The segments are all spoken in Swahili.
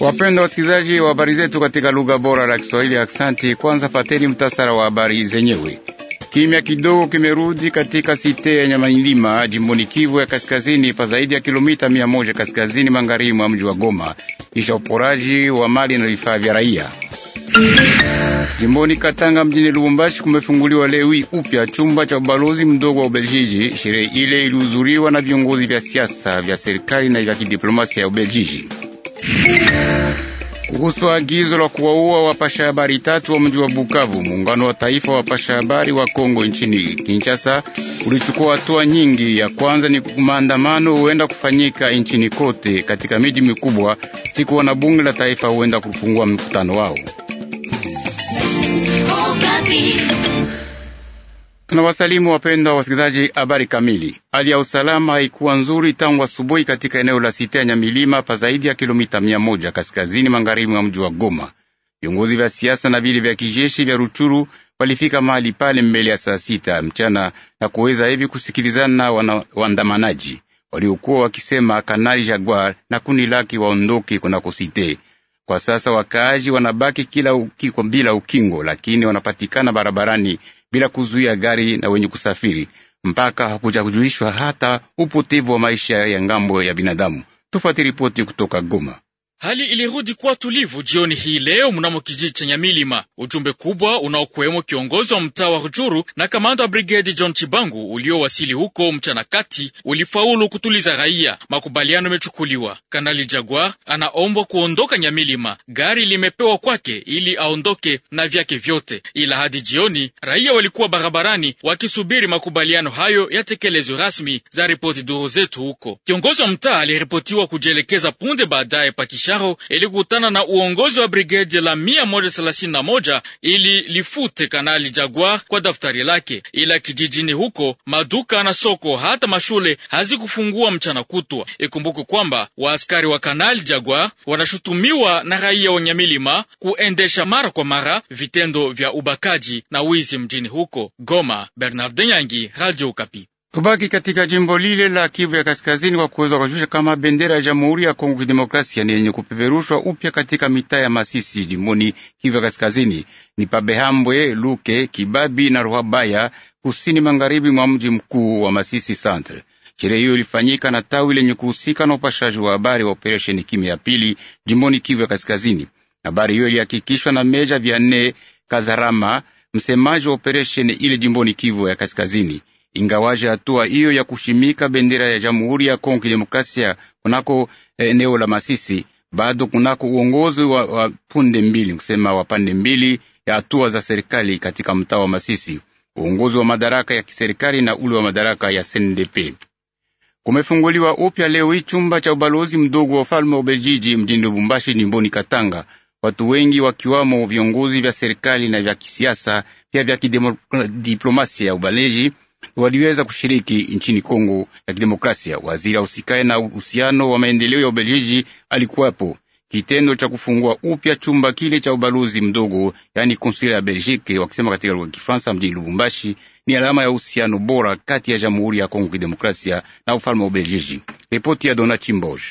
Wapendwa wasikilizaji wa habari zetu katika lugha bora la Kiswahili, aksanti. Kwanza pateni mtasara wa habari zenyewe. Kimya kidogo kimerudi katika site ya Nyamanyilima jimboni Kivu ya Kaskazini, pa zaidi ya kilomita mia moja kaskazini magharibi mwa mji wa Goma, kisha uporaji wa mali na vifaa vya raia Jimboni Katanga mjini Lubumbashi kumefunguliwa lewi upya chumba cha ubalozi mdogo wa Ubeljiji. Sherehe ile ilihudhuriwa na viongozi vya siasa vya serikali na vya kidiplomasia ya Ubeljiji. Kuhusu agizo la kuwaua wapasha habari tatu wa mji wa Bukavu, muungano wa taifa wa wapasha habari wa Kongo nchini Kinshasa ulichukua hatua nyingi. Ya kwanza ni maandamano huenda kufanyika nchini kote katika miji mikubwa siku, wanabunge la taifa huenda kufungua mkutano wao. Tunawasalimu wapendwa wasikilizaji, habari kamili. Hali ya usalama haikuwa nzuri tangu asubuhi katika eneo la sita ya Nyamilima pa zaidi ya kilomita mia moja kaskazini magharibi mwa mji wa Goma. Viongozi vya siasa na vile vya kijeshi vya Ruchuru walifika mahali pale mbele ya saa sita mchana na kuweza hivi kusikilizana na waandamanaji waliokuwa wakisema Kanali Jaguar na kundi lake waondoke kunakosite kwa sasa wakaaji wanabaki kila uki, bila ukingo, lakini wanapatikana barabarani bila kuzuia gari na wenye kusafiri mpaka hakuja kujulishwa hata upotevu wa maisha ya ngambo ya binadamu. Tufuate ripoti kutoka Goma. Hali ilirudi kuwa tulivu jioni hii leo mnamo kijiji cha Nyamilima. Ujumbe kubwa unaokuwemo kiongozi wa mtaa wa Rujuru na kamanda wa brigedi John Chibangu uliowasili huko mchana kati ulifaulu kutuliza raia. Makubaliano yamechukuliwa. Kanali Jaguar anaombwa kuondoka Nyamilima, gari limepewa kwake ili aondoke na vyake vyote, ila hadi jioni raia walikuwa barabarani wakisubiri makubaliano hayo yatekelezwe rasmi, za ripoti duru zetu huko. Kiongozi wa mtaa aliripotiwa kujielekeza punde baadaye pakisha Kilimanjaro ilikutana na uongozi wa brigade la 131 ili lifute kanali Jaguar kwa daftari lake. Ila kijijini huko maduka na soko hata mashule hazikufungua mchana kutwa. Ikumbuke kwamba waaskari wa kanali Jaguar wanashutumiwa na raia wa Nyamilima kuendesha mara kwa mara vitendo vya ubakaji na wizi mjini huko Goma. Bernard Nyangi, Radio Kapi. Tubaki katika jimbo lile la Kivu ya Kaskazini kwa kuweza kujulisha kama bendera ya Jamhuri ya Kongo Kidemokrasia ni yenye kupeperushwa upya katika mitaa ya Masisi jimboni Kivu ya Kaskazini ni Pabehambwe, Luke, Kibabi na Ruhabaya, kusini magharibi mwa mji mkuu wa Masisi Centre. Sherehe hiyo ilifanyika na tawi lenye kuhusika na upashaji wa habari wa operesheni kimya ya pili jimboni Kivu ya Kaskazini. Habari hiyo ilihakikishwa na Meja nne Kazarama, msemaji wa operesheni ile jimboni Kivu ya Kaskazini ingawaje hatua hiyo ya kushimika bendera ya Jamhuri ya Kongo Kidemokrasia kunako eh, eneo la Masisi bado kunako uongozi wa, wa punde mbili kusema wa pande mbili ya hatua za serikali katika mtaa wa Masisi, uongozi wa madaraka ya kiserikali na ule wa madaraka ya CNDP. Kumefunguliwa upya leo hii chumba cha ubalozi mdogo wa ufalme wa Ubeljiji mjini Lubumbashi, jimboni Katanga, watu wengi wakiwamo viongozi vya serikali na vya kisiasa pia vya kidiplomasia ya ubaleji waliweza kushiriki nchini Kongo ya Kidemokrasia. Waziri ahusikaye na uhusiano wa maendeleo ya Ubelgiji alikuwapo. Kitendo cha kufungua upya chumba kile cha ubalozi mdogo, yani konsula ya Belgike, wakisema katika lugha ya Kifaransa, mjini Lubumbashi, ni alama ya uhusiano bora kati ya Jamhuri ya Kongo Kidemokrasia na ufalme wa Ubelgiji. Ripoti ya Dona Chimboge.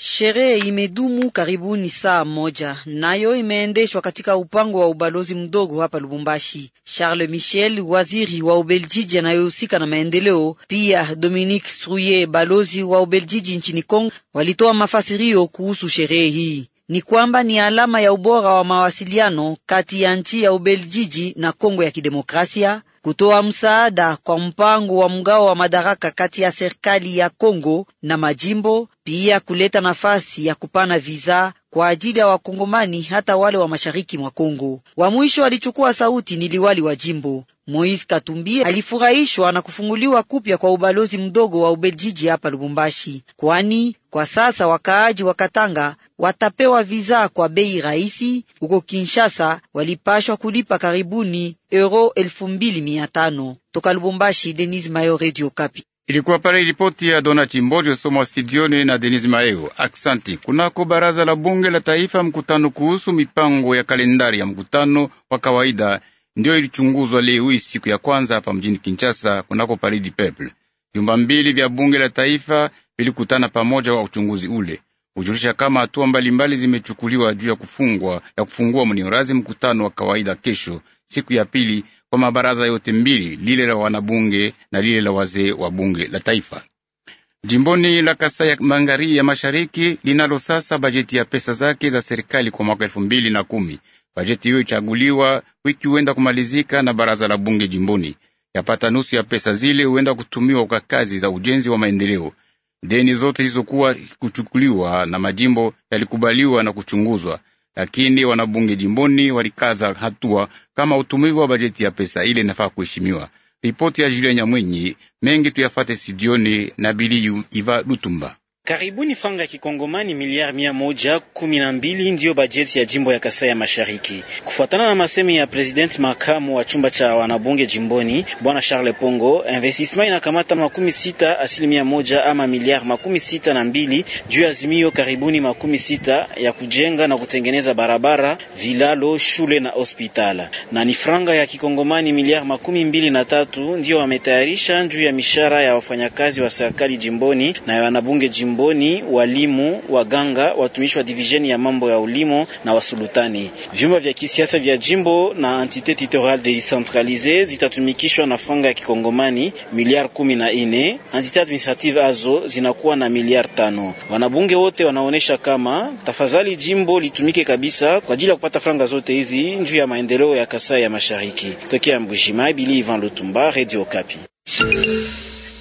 Sherehe imedumu karibuni saa moja, nayo imeendeshwa katika upango wa ubalozi mdogo hapa Lubumbashi. Charles Michel, waziri wa Ubeljiji anayehusika na maendeleo, pia Dominique Struye, balozi wa Ubeljiji nchini Kongo, walitoa mafasirio kuhusu sherehe hii. Ni kwamba ni alama ya ubora wa mawasiliano kati ya nchi ya Ubeljiji na Kongo ya Kidemokrasia kutoa msaada kwa mpango wa mgao wa madaraka kati ya serikali ya Kongo na majimbo, pia kuleta nafasi ya kupana viza kwa ajili ya wakongomani hata wale wa mashariki mwa Kongo. Wa mwisho alichukua sauti ni liwali wa jimbo. Moise Katumbi alifurahishwa na kufunguliwa kupya kwa ubalozi mdogo wa Ubeljiji hapa Lubumbashi, kwani kwa sasa wakaaji wa Katanga watapewa visa kwa bei rahisi. Huko Kinshasa walipashwa kulipa karibuni euro elfu mbili mia tano. Toka Lubumbashi, Denis Mayo, Radio Kapi. Ilikuwa pale ripoti ya Dona Chimbojo somo studioni na Denis Maeo. Aksanti. Kunako baraza la bunge la taifa, mkutano kuhusu mipango ya kalendari ya mkutano wa kawaida ndiyo ilichunguzwa leo hii siku ya kwanza hapa mjini Kinshasa kunako paridi du Peuple. Vyumba mbili vya bunge la taifa vilikutana pamoja wa uchunguzi ule kujulisha kama hatua mbalimbali zimechukuliwa juu ya kufungwa ya kufungua mneorazi mkutano wa kawaida kesho, siku ya pili, kwa mabaraza yote mbili, lile la wanabunge na lile la wazee wa bunge la taifa. Jimboni la Kasai ya Magharibi ya Mashariki linalo sasa bajeti ya pesa zake za serikali kwa mwaka elfu mbili na kumi Bajeti hiyo ichaguliwa wiki huenda kumalizika na baraza la bunge jimboni. Yapata nusu ya pesa zile huenda kutumiwa kwa kazi za ujenzi wa maendeleo. Deni zote zilizokuwa kuchukuliwa na majimbo yalikubaliwa na kuchunguzwa, lakini wanabunge jimboni walikaza hatua kama utumivu wa bajeti ya pesa ile inafaa kuheshimiwa. Ripoti ya Julia Nyamwenyi mengi tuyafate studioni na Bili Iva Lutumba. Karibuni franga ya kikongomani miliari mia moja kumi na mbili ndiyo bajeti ya jimbo ya Kasai ya Mashariki, kufuatana na masemi ya president makamu wa chumba cha wanabunge jimboni bwana Charles Pongo. Investissement inakamata makumi sita asilimia moja ama miliari makumi sita na mbili juu ya azimio karibuni makumi sita ya kujenga na kutengeneza barabara, vilalo, shule na hospitala, na ni franga ya kikongomani miliari makumi mbili na tatu ndiyo wametayarisha juu ya mishara ya wafanyakazi wa serikali jimboni na ya wanabunge jimboni jimboni, walimu, waganga, watumishi wa divisheni ya mambo ya ulimo na wasultani. Vyumba vya kisiasa vya jimbo na entite territoriale decentralisee zitatumikishwa na franga ya kikongomani miliard kumi na ine. Entite administrative azo zinakuwa na miliard tano. Wanabunge wote wanaonesha kama tafadhali jimbo litumike kabisa kwa ajili ya kupata franga zote hizi njuu ya maendeleo ya Kasai ya Mashariki. Tokea Mbujimayi, Bili Ivan Lutumba, Radio Kapi.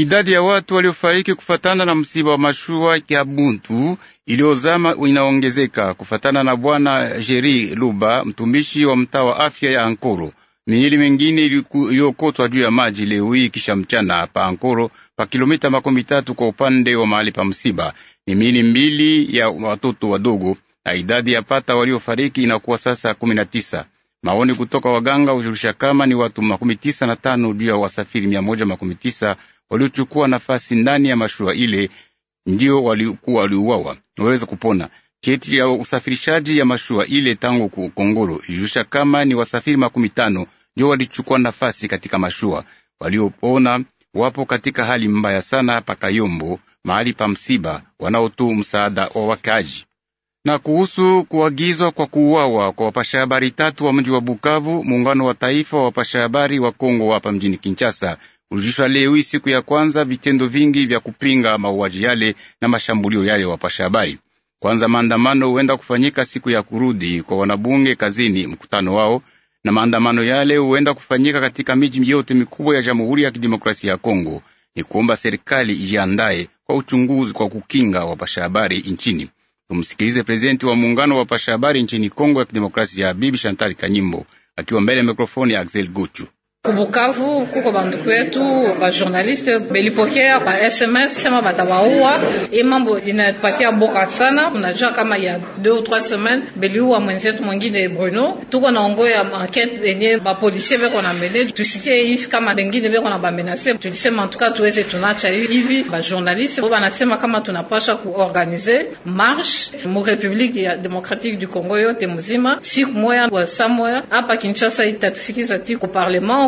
Idadi ya watu waliofariki kufatana na msiba wa mashua Buntu iliyozama inaongezeka kufatana na bwana Jeri Luba, mtumishi wa mtaa wa afya ya Ankoro. Miili mingine iliyokotwa juu ya maji leo hii kisha mchana pa Ankoro, pa kilomita makumi tatu kwa upande wa mahali pa msiba. Ni miili mbili ya watoto wadogo, na idadi ya pata waliofariki inakuwa sasa kumi na tisa. Maoni kutoka waganga hujulisha kama ni watu makumi tisa na tano juu ya wasafiri mia moja makumi tisa waliochukua nafasi ndani ya mashua ile ndio walikuwa waliuawa, waliweza kupona. Cheti ya usafirishaji ya mashua ile tangu Kongolo ilijusha kama ni wasafiri makumi tano ndio walichukua nafasi katika mashua. Waliopona wapo katika hali mbaya sana kayombo mahali pa msiba, wanaotu msaada wa wakaji. Na kuhusu kuagizwa kwa kuuawa kwa wapasha habari tatu wa mji wa Bukavu, muungano wa taifa wa wapasha habari wa Kongo hapa mjini Kinshasa Ulisha leo hii siku ya kwanza vitendo vingi vya kupinga mauaji yale na mashambulio yale. Wapasha habari kwanza, maandamano huenda kufanyika siku ya kurudi kwa wanabunge kazini mkutano wao, na maandamano yale huenda kufanyika katika miji yote mikubwa ya Jamhuri ya Kidemokrasia ya Kongo. Ni kuomba serikali ijiandaye kwa uchunguzi kwa kukinga wapasha habari nchini. Tumsikilize prezidenti wa muungano wa wapasha habari nchini Kongo ya Kidemokrasia ya Bibi Chantal Kanyimbo akiwa mbele ya mikrofoni ya Axel Guchu. Kubukavu kuko banduku yetu bajournaliste belipokea ba SMS sema batawaua. Hii mambo inapatia boka sana. Unajua kama ya 2 au 3 semaine beliua mwenzetu mwingine Bruno, tuko naongoya enquete yenye ba policier beko na mene, tusikie hivi kama bengine beko na bamenase. Tulisema antuka tuweze tunacha hivi ba journaliste bo banasema kama tunapasha kuorganize marche mu Republique ya Democratique du Congo yote mzima siku moya wa samoya hapa Kinshasa, itatufikiza ti ku parlement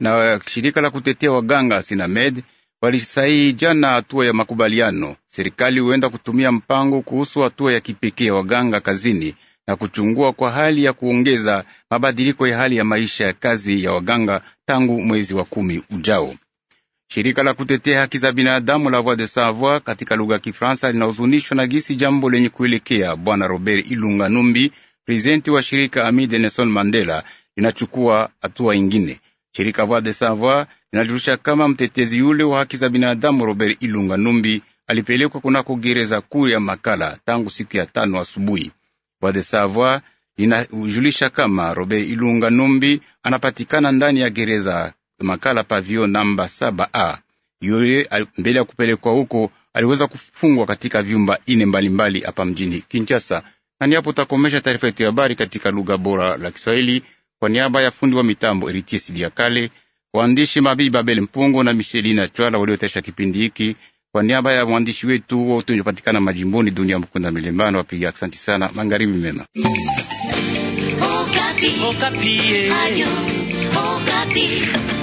na shirika la kutetea waganga Sinamed walisaini jana hatua ya makubaliano. Serikali huenda kutumia mpango kuhusu hatua ya kipekee ya waganga kazini na kuchungua kwa hali ya kuongeza mabadiliko ya hali ya maisha ya kazi ya waganga tangu mwezi wa kumi ujao. Shirika la kutetea haki za binadamu la Voix de Savoie katika lugha ya Kifaransa linahuzunishwa na gisi jambo lenye kuelekea Bwana Robert Ilunga Numbi, prezidenti wa shirika Ami de Nelson Mandela, linachukua hatua ingine. Shirika Voix de Savoie linajulisha kama mtetezi yule wa haki za binadamu Robert Ilunga Numbi alipelekwa kunako gereza kuu ya Makala tangu siku ya tano asubuhi. Voix de Savoie linajulisha kama Robert Ilunga Numbi anapatikana ndani ya gereza Makala pavio namba 7A. Yule mbele ya kupelekwa huko aliweza kufungwa katika vyumba ine mbalimbali hapa mjini Kinshasa. Na ni hapo takomesha taarifa yetu ya habari katika lugha bora la Kiswahili kwa niaba ya fundi wa mitambo Eritie kale waandishi Mabii Babel Mpungo na Michelina Chwala waliotesha kipindi hiki, kwa niaba ya mwandishi wetu wote unapatikana majimboni Dunia Mkunda milembano wapiga asanti sana. Magharibi mema. Okapi. Okapi.